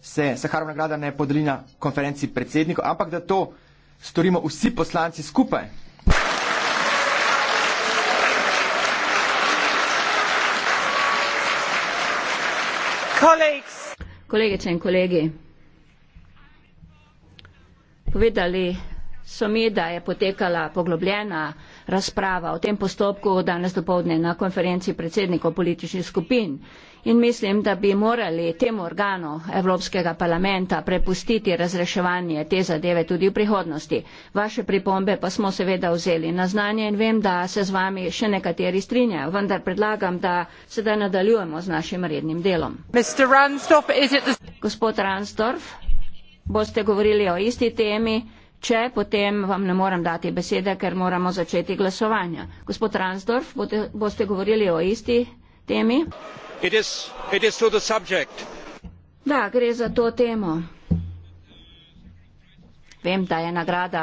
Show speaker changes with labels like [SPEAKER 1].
[SPEAKER 1] se Saharova nagrada ne podeli na konferenci predsednikov, ampak da to storimo vsi poslanci skupaj.
[SPEAKER 2] Kolegice in kolegi, povedali so mi, da je potekala poglobljena razprava o tem postopku danes dopovdne na konferenci predsednikov političnih skupin. In mislim, da bi morali temu organu Evropskega parlamenta prepustiti razreševanje te zadeve tudi v prihodnosti. Vaše pripombe pa smo seveda vzeli na znanje in vem, da se z vami še nekateri strinjajo, vendar predlagam, da sedaj nadaljujemo z našim rednim delom. Ransdorf, the... Gospod Ransdorf, boste govorili o isti temi. Če potem vam ne morem dati besede, ker moramo začeti glasovanje. Gospod Ransdorf, bote, boste govorili o isti temi?
[SPEAKER 3] It is, it is
[SPEAKER 2] da, gre za to temo. Vem, da je nagrada.